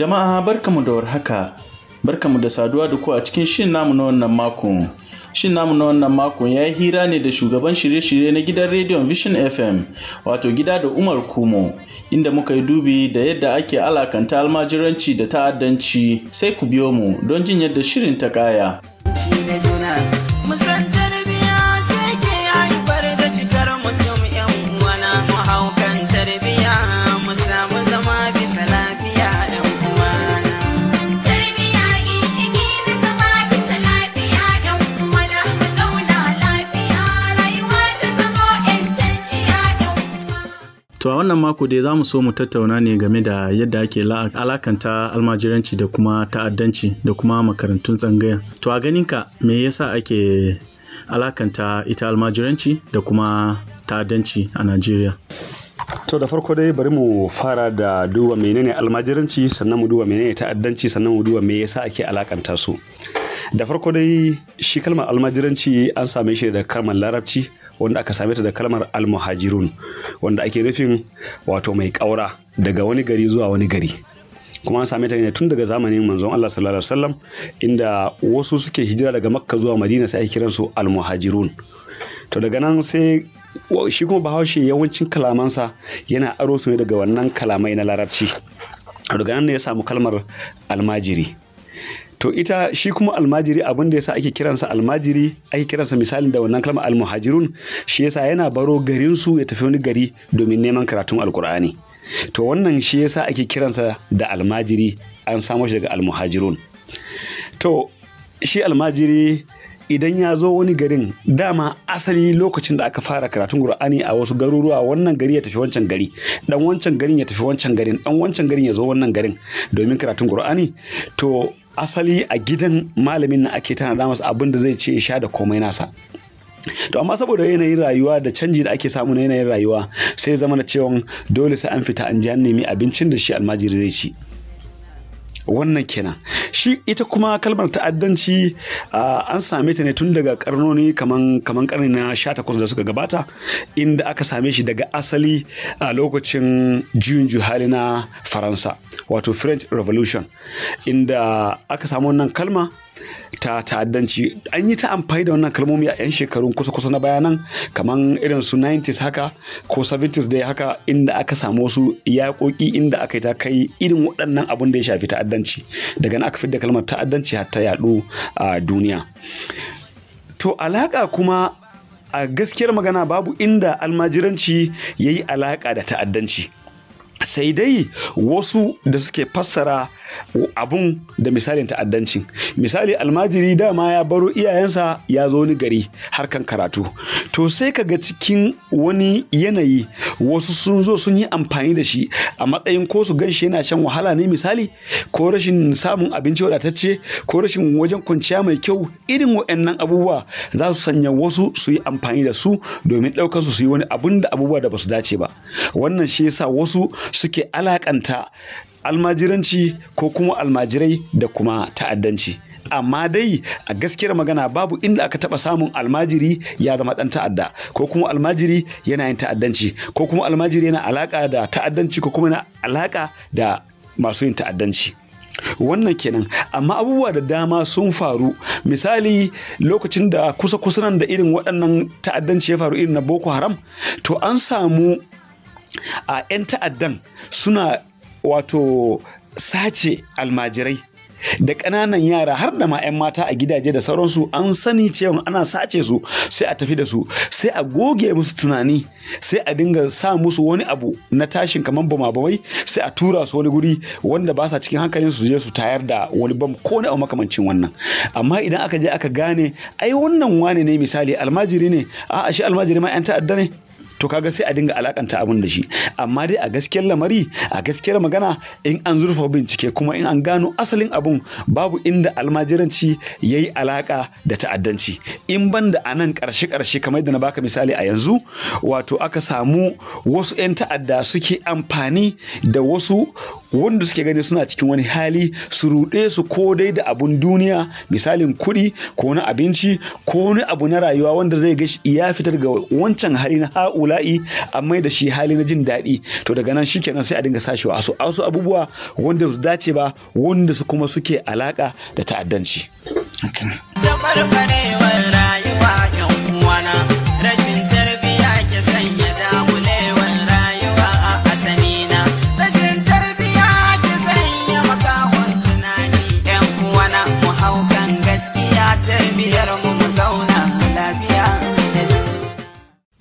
Jama'a barka mu da warhaka, barkamu da saduwa da ku a cikin shin namu na wannan makon. Shin namu na wannan makon ya yi hira ne da shugaban shirye-shirye na gidan rediyon Vision FM, wato gida da Umar Kumo, inda muka yi dubi da yadda ake alakanta almajiranci da ta'addanci sai ku biyo mu don jin yadda shirin ta kaya. wannan mako dai za mu so mu tattauna ne game da yadda ake alakanta almajiranci da kuma ta'addanci da kuma makarantun tsangaya. To a ganinka me yasa ake alakanta ita almajiranci da kuma ta'addanci a Najeriya? To da farko dai bari mu fara da duba menene almajiranci sannan mu duba menene ta'addanci sannan mu duba me yasa ake alakanta su. Da farko dai shi kalmar almajiranci an same shi da kalmar larabci wanda aka same ta da kalmar almuhajirun wanda ake nufin wato mai ƙaura daga wani gari zuwa wani gari kuma an same ta ne tun daga zamanin manzon Allah sallallahu alaihi wasallam inda wasu suke hijira daga Makka zuwa Madina sai ake kiransu almuhajirun to daga nan sai shi kuma bahaushe yawancin kalamansa yana aro su ne daga wannan kalamai na larabci daga nan ne ya samu kalmar almajiri to ita shi kuma almajiri abin da yasa ake kiransa almajiri ake kiransa misalin da wannan kalmar almuhajirun shi yasa yana baro garinsu ya tafi wani gari domin neman karatun alkur'ani to wannan shi yasa ake kiransa da almajiri an samo shi daga almuhajirun to shi almajiri idan ya zo wani garin dama asali lokacin da aka fara karatun Qur'ani a wasu garuruwa wannan gari ya tafi wancan gari dan wancan garin ya tafi wancan garin dan wancan garin ya zo wannan garin domin karatun Qur'ani to asali a gidan malamin na ake tana masa abin da zai ce sha da komai nasa to amma saboda yanayin rayuwa da canji da ake samu na yanayin rayuwa sai zama na cewa dole sai an fita an ji an nemi abincin da shi almajiri zai ci wannan kenan shi ita kuma kalmar ta'addanci an same ta ne tun daga karnoni kaman kaman karni na takwas da suka gabata inda aka same shi daga asali a lokacin juyin juhali na faransa wato french revolution inda aka samu wannan kalma ta ta'addanci an yi ta amfani da wannan kalmomi a 'yan shekarun kusa-kusa na bayanan kamar irin su 90s haka ko 70s dai haka inda aka samu wasu yaƙoƙi inda aka yi ta kai irin waɗannan abin da ya shafi ta'addanci daga nan aka fi da kalmar ta'addanci har ta yaɗu a duniya to alaƙa kuma a gaskiyar magana babu inda almajiranci ya yi alaƙa da ta'addanci sai dai wasu da suke fassara abun da misalin ta'addanci misali almajiri dama ya baro iyayensa ya zo ni gari harkan karatu to sai kaga cikin wani yanayi wasu sun zo sun yi amfani da shi a matsayin ko su gan shi yana shan wahala ne misali ko rashin samun abinci wadatacce ko rashin wajen kwanciya mai kyau irin waɗannan abubuwa za su sanya wasu su yi amfani da su domin ɗaukar su su yi wani abun da abubuwa da ba su dace ba wannan shi yasa wasu suke alakanta almajiranci ko kuma almajirai da kuma ta'addanci amma dai a gaskiyar magana babu inda aka taba samun almajiri ya zama ɗan ta'adda ko kuma almajiri yana yin ta'addanci ko kuma almajiri yana alaka da ta'addanci ko kuma yana alaka da masu yin ta'addanci wannan kenan amma abubuwa da dama sun faru misali lokacin da kusa kusan da irin waɗannan ta'addanci ya faru irin na boko haram to an samu a 'yan ta'addan suna wato sace almajirai da ƙananan yara har da ma 'yan mata a gidaje da sauransu an sani cewa ana sace su sai a tafi da su sai a goge musu tunani sai a dinga sa musu wani abu na tashin kamar bamabamai, sai a tura su wani guri wanda ba sa cikin hankalin su je su tayar da wani bam ko a makamancin wannan amma idan aka je aka gane ai wannan wane ne misali almajiri ne a'a shi almajiri ma 'yan ta'adda ne to kaga sai a dinga alakanta abin da shi amma dai a gaskiyar lamari a gaskiyar magana in an zurfa bincike kuma in an gano asalin abun babu inda almajiranci ya yi alaka da ta'addanci in ban da a nan karshe karshe kamar da na baka misali a yanzu wato aka samu wasu 'yan ta'adda suke amfani da wasu wanda suke gani suna cikin wani hali su ruɗe su ko dai da abun duniya misalin kuɗi ko na abinci ko wani abu na rayuwa wanda zai ga ya fitar ga wancan hali na ha'ula ibtila'i an mai da shi hali na jin daɗi to daga nan shikenan sai a dinga sashi wasu wasu abubuwa wanda su dace ba wanda su kuma suke alaka da ta'addanci. Okay.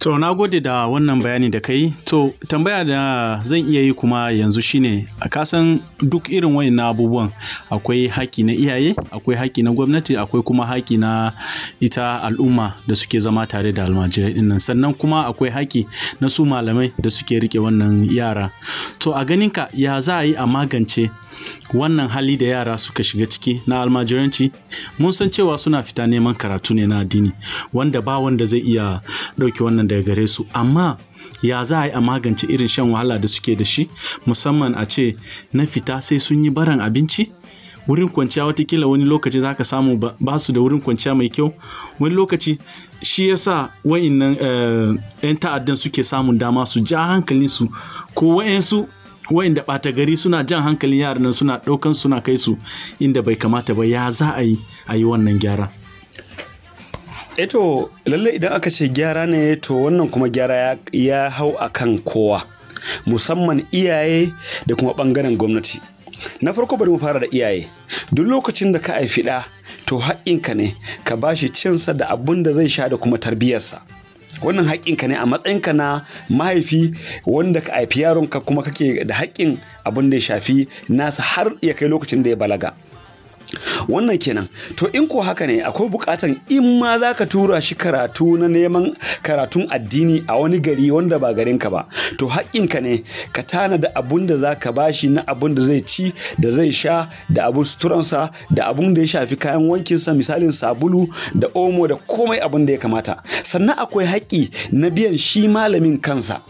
To na gode da wannan bayani da kai. To tambaya da zan iya yi kuma yanzu shine a kasan duk irin na abubuwan akwai haki na iyaye, akwai haki na gwamnati, akwai kuma haki na ita al'umma da suke zama tare da almajirai dinnan. Sannan kuma akwai haki na su malamai da suke rike wannan yara. To a ganinka ya za a yi a magance wannan hali da yara suka shiga ciki na almajiranci mun san cewa suna fita neman karatu ne na addini wanda ba wanda zai iya ɗauki wannan daga gare su amma ya za a yi a magance irin shan wahala da suke da shi musamman a ce na fita sai sun yi baran abinci wurin kwanciya watakila wani lokaci za ka samu ba su da wurin kwanciya mai kyau wani lokaci shi yasa nan eh, 'yan ta'addan suke samun dama su ja hankalinsu ko wa'yansu da ɓata gari suna jan hankalin yaran nan suna ɗaukan suna kai su inda bai kamata ba ya za a yi a yi wannan gyara eto eh lallai idan aka ce gyara ne to wannan kuma gyara ya hau a kan kowa musamman iyaye da kuma ɓangaren gwamnati na farko bari mu fara da iyaye duk lokacin da ka haifi ɗa to haƙƙinka ne ka bashi cinsa da abin da zai sha da kuma tarbiyyarsa wannan haƙƙinka ne a ka na mahaifi wanda ka haifi yaronka kuma kake da haƙƙin abin da ya shafi nasa har ya kai lokacin da ya balaga wannan kenan to in ko haka ne akwai bukatan in ma za ka tura shi karatu na neman karatun addini a wani gari wanda ba garinka ba to haƙƙinka ne ka tana da abun da za ka bashi na abun da zai ci da zai sha da abun suturansa da abun da ya shafi kayan wankinsa misalin sabulu da omo da komai abun da ya kamata sannan akwai haƙƙi na biyan shi malamin kansa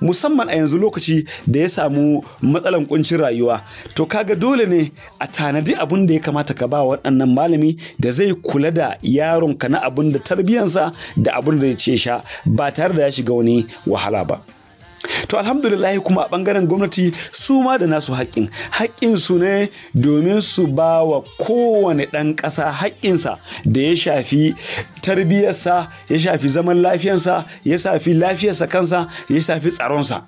musamman a yanzu lokaci da ya samu matsalan ƙuncin rayuwa to kaga dole ne a tanadi abunda da ya kamata ka ba waɗannan malami da zai kula da yaronka na abun da tarbiyyansa da abun da ya ce sha ba tare da ya shiga wani wahala ba. to alhamdulillah kuma a bangaren gwamnati su ma da nasu haƙƙin haƙƙin su ne domin su ba wa kowane ɗan ƙasa haƙƙinsa da ya shafi tarbiyyarsa ya shafi zaman lafiyarsa ya shafi lafiyarsa kansa ya shafi tsaronsa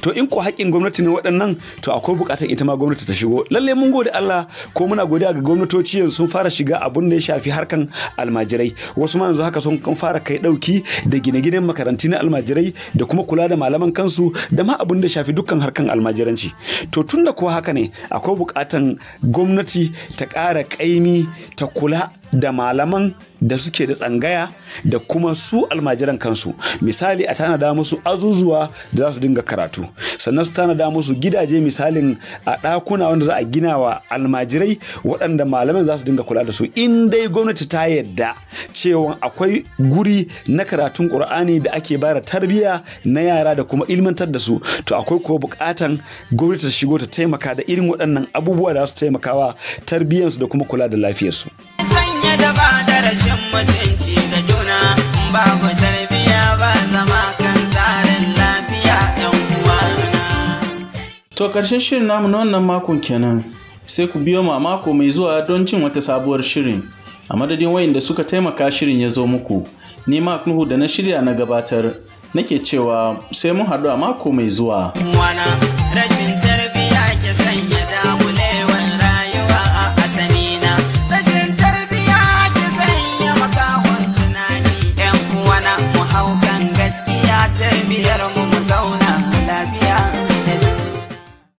to in ko haƙƙin gwamnati ne waɗannan to akwai buƙatar ita ma gwamnati ta shigo lalle mun gode Allah ko muna godiya ga gwamnatoci yanzu sun fara shiga abun da ya shafi harkan almajirai wasu ma yanzu haka sun fara kai ɗauki da gine-ginen makarantu na almajirai da kuma kula da malaman kansu da ma abun da ya shafi dukkan harkan almajiranci to tun da kowa haka ne akwai buƙatar gwamnati ta ƙara ƙaimi ta kula da malaman da suke da tsangaya da kuma su almajiran kansu misali a tanada musu azuzuwa da za su dinga karatu sannan su tanada musu gidaje misalin a ɗakuna wanda za a gina wa almajirai waɗanda malaman za su dinga kula da su in dai gwamnati ta yadda cewa akwai guri na karatun ƙur'ani da ake bara tarbiyya na yara da kuma ilmantar da su to akwai ko buƙatan gwamnati ta shigo ta taimaka da irin waɗannan abubuwa da za su taimakawa tarbiyyansu da kuma kula da lafiyarsu. da ba da rashin mutunci da juna babu tarbiya ba zama kan tsarin lafiya yan uwana. To karshen shirin namu na wannan makon kenan. Sai ku biyo ma mako mai zuwa don cin wata sabuwar shirin. A madadin wayan da suka taimaka shirin ya zo muku, ni Mark Nuhu da na shirya na gabatar, nake cewa sai mun haɗu a mako mai zuwa. rashin tarbiya ke sanya